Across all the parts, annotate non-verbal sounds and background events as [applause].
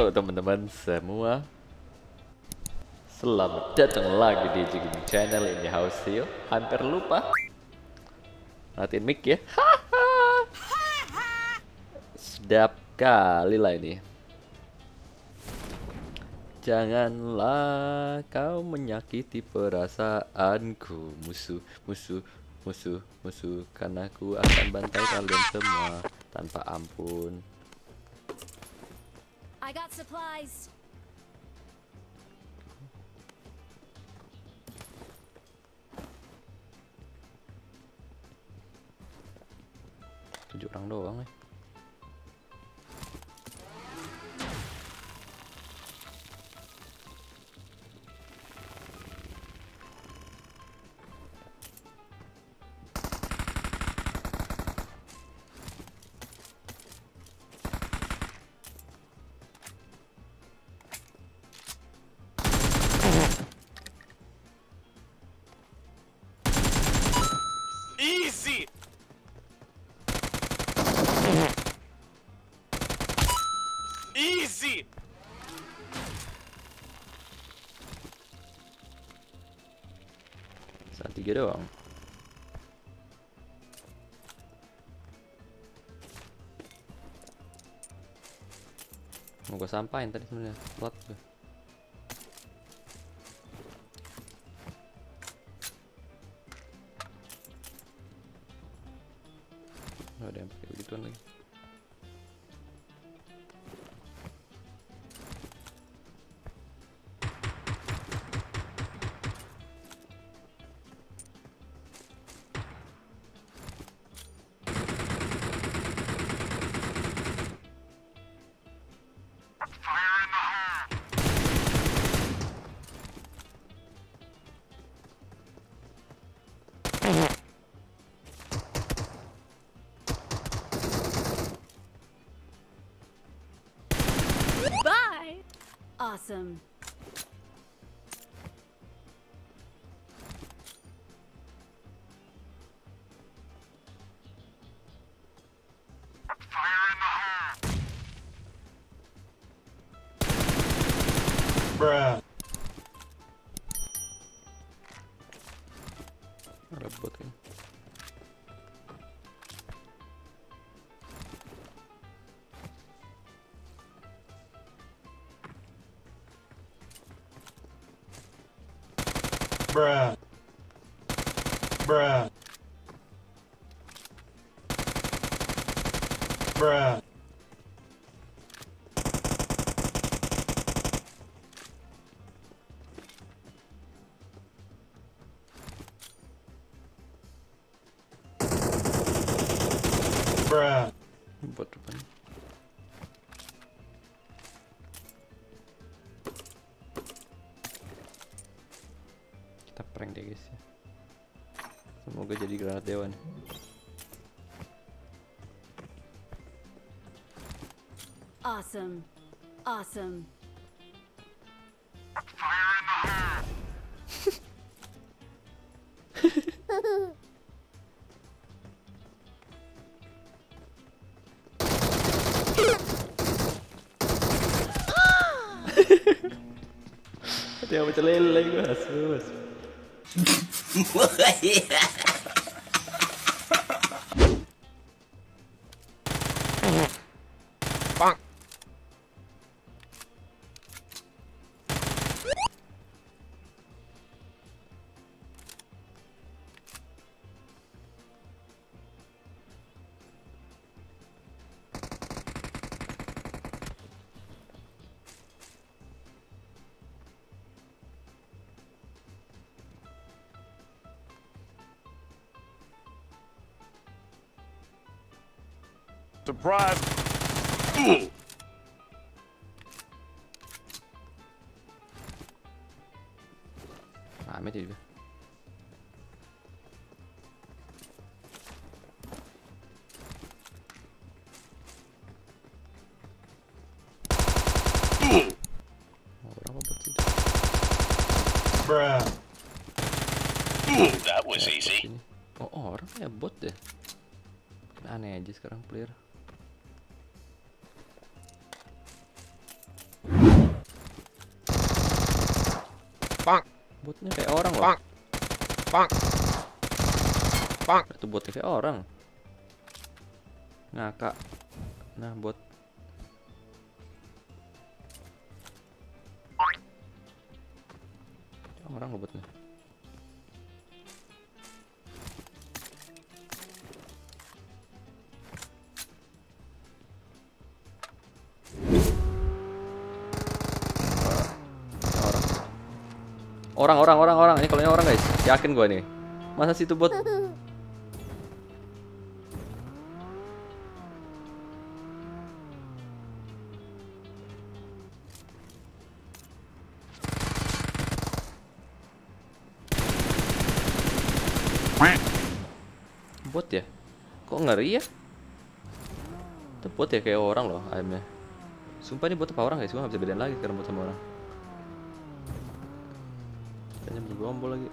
Halo teman-teman semua Selamat datang lagi di Jigging Channel ini House Hill Hampir lupa Matiin mic ya [laughs] Sedap kali lah ini Janganlah kau menyakiti perasaanku Musuh, musuh, musuh, musuh Karena aku akan bantai kalian semua Tanpa ampun I got supplies. tujuh orang doang eh aja doang mau gue sampain tadi sebenarnya telat gue ada yang pakai begituan lagi Awesome. Bruh. Bruh. Bruh. de grana de Awesome. Awesome. Surprise! Ooh. Ahmet herif. That was eh, easy. Oh, orang oh, ya bot deh. Ah, Aneh aja sekarang player. Botnya kayak orang loh. pang, pang, pang, Itu botnya kayak orang. Nah, Kak. Nah, bot. Orang lo botnya. Orang, orang, orang, orang. Ini kalau orang, guys. Yakin gue nih. Masa situ bot? Bot ya? Kok ngeri ya? Itu bot ya kayak orang loh, aimnya. Sumpah ini bot apa orang guys, gue gak bisa bedain lagi sekarang bot sama orang. gombol lagi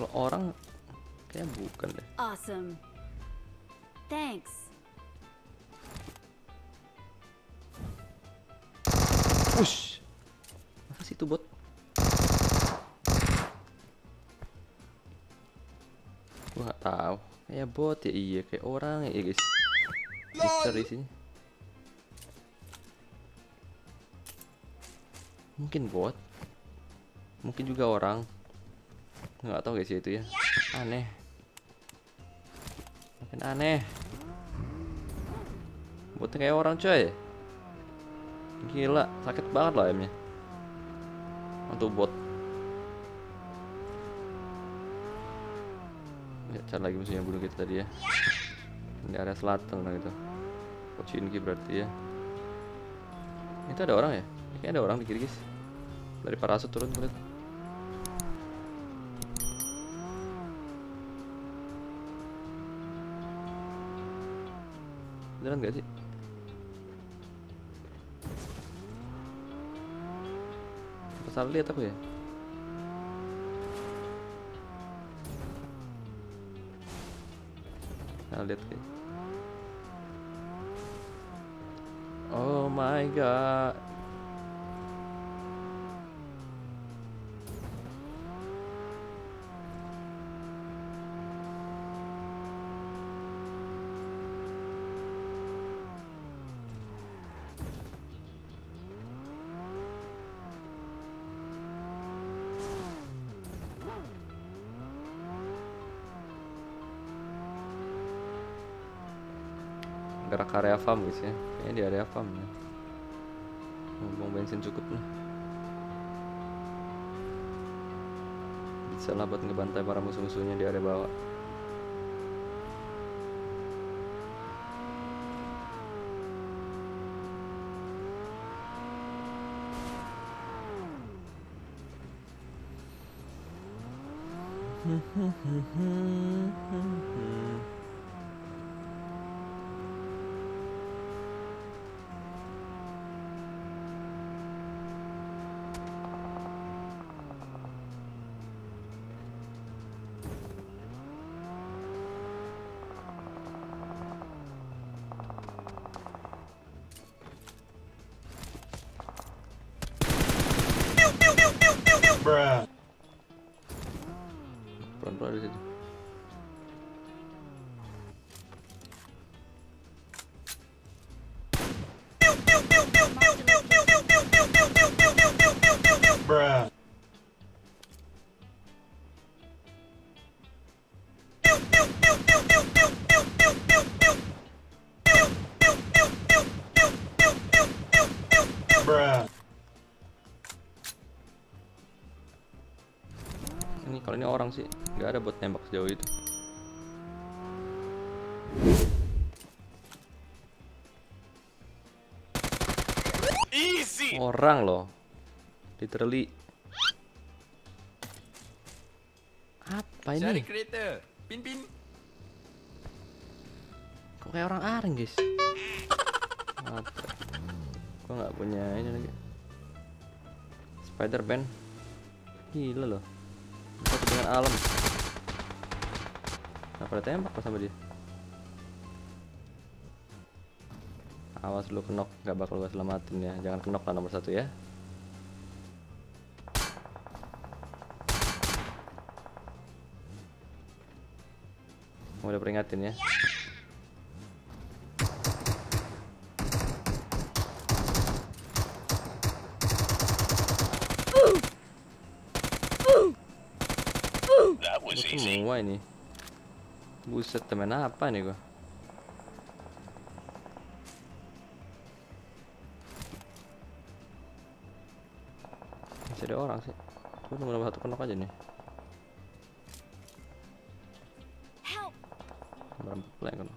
kalau orang kayak bukan deh awesome thanks push apa sih itu bot kayak bot ya iya kayak orang ya iya, guys Mister di sini mungkin bot mungkin juga orang nggak tahu guys ya itu ya aneh makin aneh botnya kayak orang coy gila sakit banget loh emnya untuk bot Lihat cari lagi musuhnya bunuh kita tadi ya di area selatan lah gitu Pochinki berarti ya itu ada orang ya kayaknya ada orang di kiri guys dari parasut turun kulit beneran gak sih Salah lihat aku ya Oh my god. area farm guys ya kayaknya di area farm ya ngomong bensin cukup nih bisa lah buat ngebantai para musuh-musuhnya di area bawah Hmm, hmm, hmm, hmm, hmm, hmm. orang sih nggak ada buat tembak sejauh itu Easy. orang loh literally apa ini pin pin kok kayak orang aring guys apa gua nggak punya ini lagi spider pen gila loh dengan alam Nah pada tembak sama dia Awas lu kenok Gak bakal gua selamatin ya Jangan kenok lah nomor satu ya Udah peringatin ya Wuh. Itu semua ini. Buset temen apa nih gua? Masih ada orang sih. Gua cuma nambah satu penok aja nih. kan?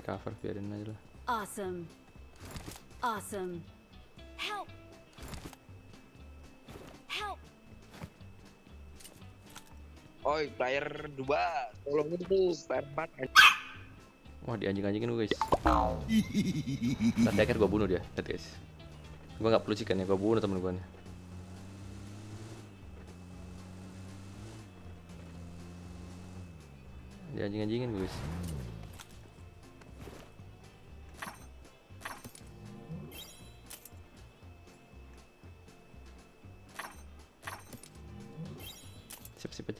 cover biarin aja lah. Awesome. Awesome. Oi, player 2. Tolong itu player 4. Wah, dianjing-anjingin gue, guys. Nanti akhir gue bunuh dia, lihat guys. Gue nggak perlu chicken ya, gue bunuh temen gue nih. Dianjing-anjingin guys.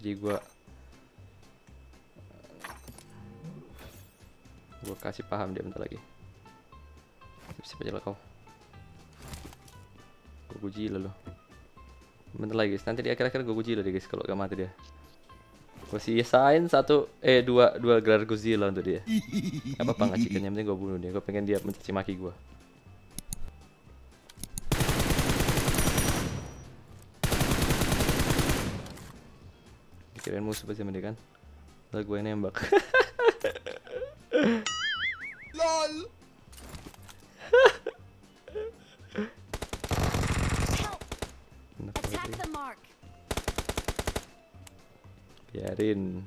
jadi gue gue kasih paham dia bentar lagi siapa jelas aja lah kau gue guji lah lo bentar lagi guys nanti di akhir-akhir gue guji lah deh guys kalau gak mati dia gue sisain satu eh dua dua gelar lah untuk dia apa apa nggak chicken yang penting gue bunuh dia gue pengen dia mencaci maki gue kirain musuh pasti mending kan Lalu gue nembak LOL Biarin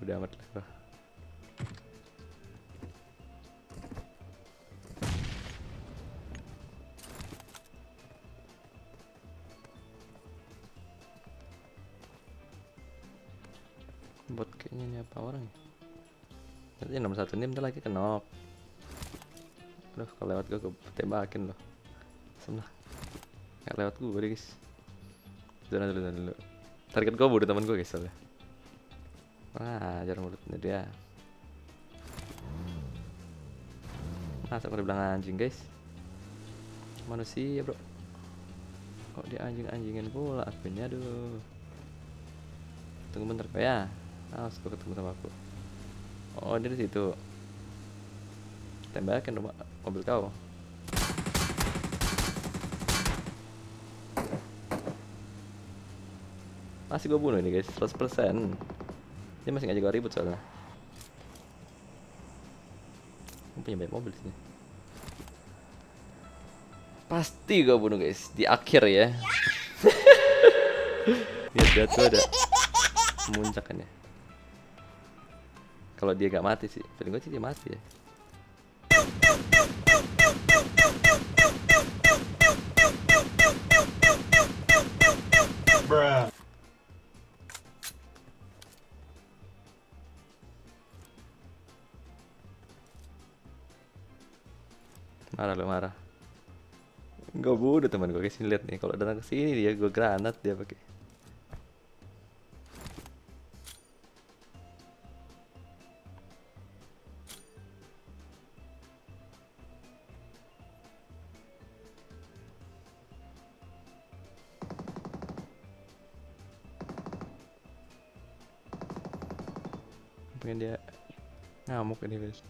Udah amat lah berapa orang ya nanti nomor satu ini bentar lagi kenok aduh kalau lewat gue gue tembakin loh sebelah nggak lewat gue guys jangan dulu jangan dulu target gue bodoh temen gue guys soalnya wah jarang mulutnya dia masa gue bilang anjing guys manusia bro kok dia anjing anjingin pula apinya aduh tunggu bentar ya ah suka ketemu sama aku oh dia di situ tembakin rumah mobil kau masih gue bunuh ini guys 100% dia masih ngajak gue ribut soalnya gue punya banyak mobil sini pasti gue bunuh guys di akhir ya [laughs] lihat lihat tuh ada [laughs] muncakannya kalau dia gak mati sih, feeling gue sih dia mati ya. Marah lo marah. Gue bodoh teman gue kesini lihat nih kalau datang ke sini dia gue granat dia pakai. dia ngamuk ini guys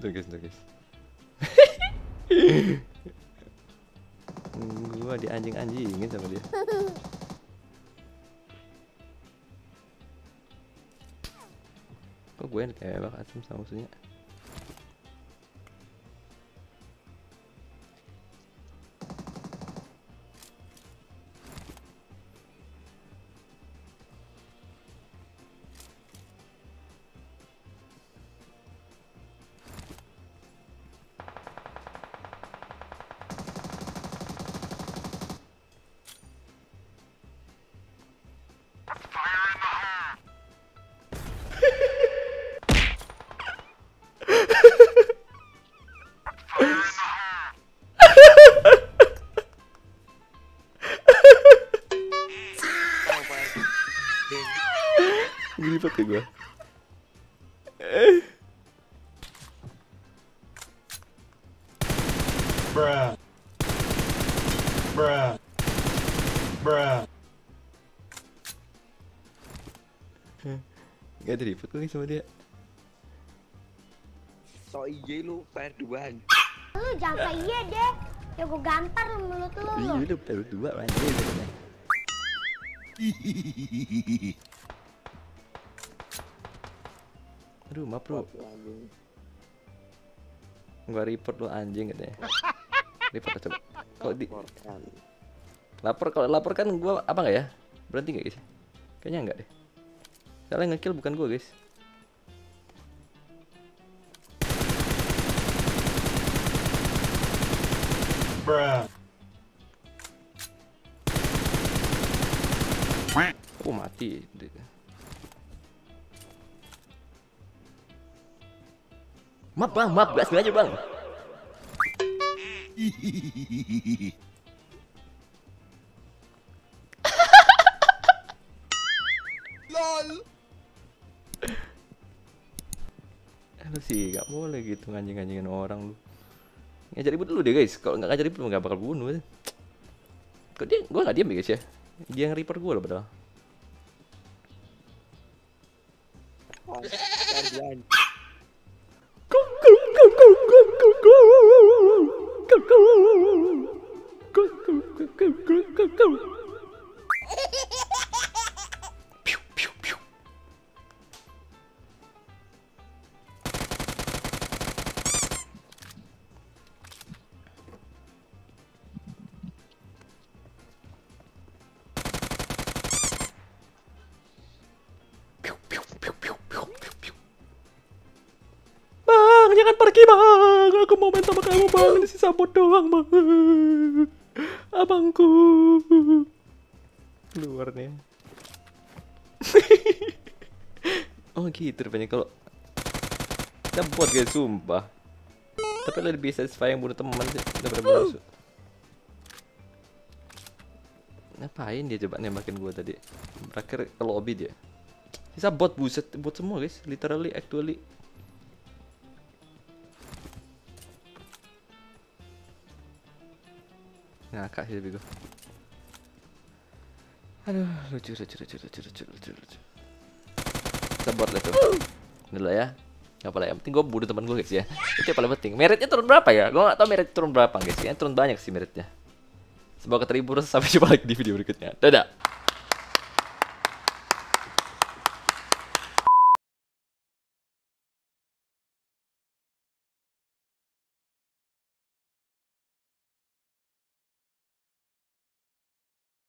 Ntar guys, ntar guys Gua di anjing-anjingin anjing sama dia [laughs] Kok gue yang kayak bakal asem sama musuhnya [laughs] Gak ada ribut lagi sama dia So iye lu PR 2 Lu jangan kayak iye deh Ya gue gampar lu mulut lu Iya lu PR 2 anjir Aduh maaf bro Gua report lu anjing katanya [laughs] Report coba Kok di Lapor kalau lapor kan gua apa nggak ya? Berhenti nggak guys? Kayaknya nggak deh Kalian ngekill bukan gue guys. Bruh. Oh mati. Map bang, map gas aja bang. sih nggak boleh gitu nganjing-nganjingin orang lu ngajar ribut dulu deh guys kalau nggak ngajar ribut nggak bakal bunuh ya. kok dia gue nggak diam ya guys ya dia yang reaper gue loh padahal oh. pergi bang aku mau main sama kamu bang ini sisa bot doang bang abangku luar nih. [laughs] oh gitu rupanya kalau kita buat guys sumpah tapi lebih satisfying bunuh teman sih daripada bunuh ngapain dia coba nembakin gua tadi terakhir ke lobby dia bisa bot buset bot semua guys literally actually Ngakak sih bego. Aduh, lucu lucu lucu lucu lucu lucu lucu. Sebot lah tuh. Dulu ya. Gak apa yang penting gue bunuh temen gue guys ya Itu yang paling penting Meritnya turun berapa ya? Gue gak tau merit turun berapa guys ya, turun banyak sih meritnya Semoga terhibur sampai jumpa lagi di video berikutnya Dadah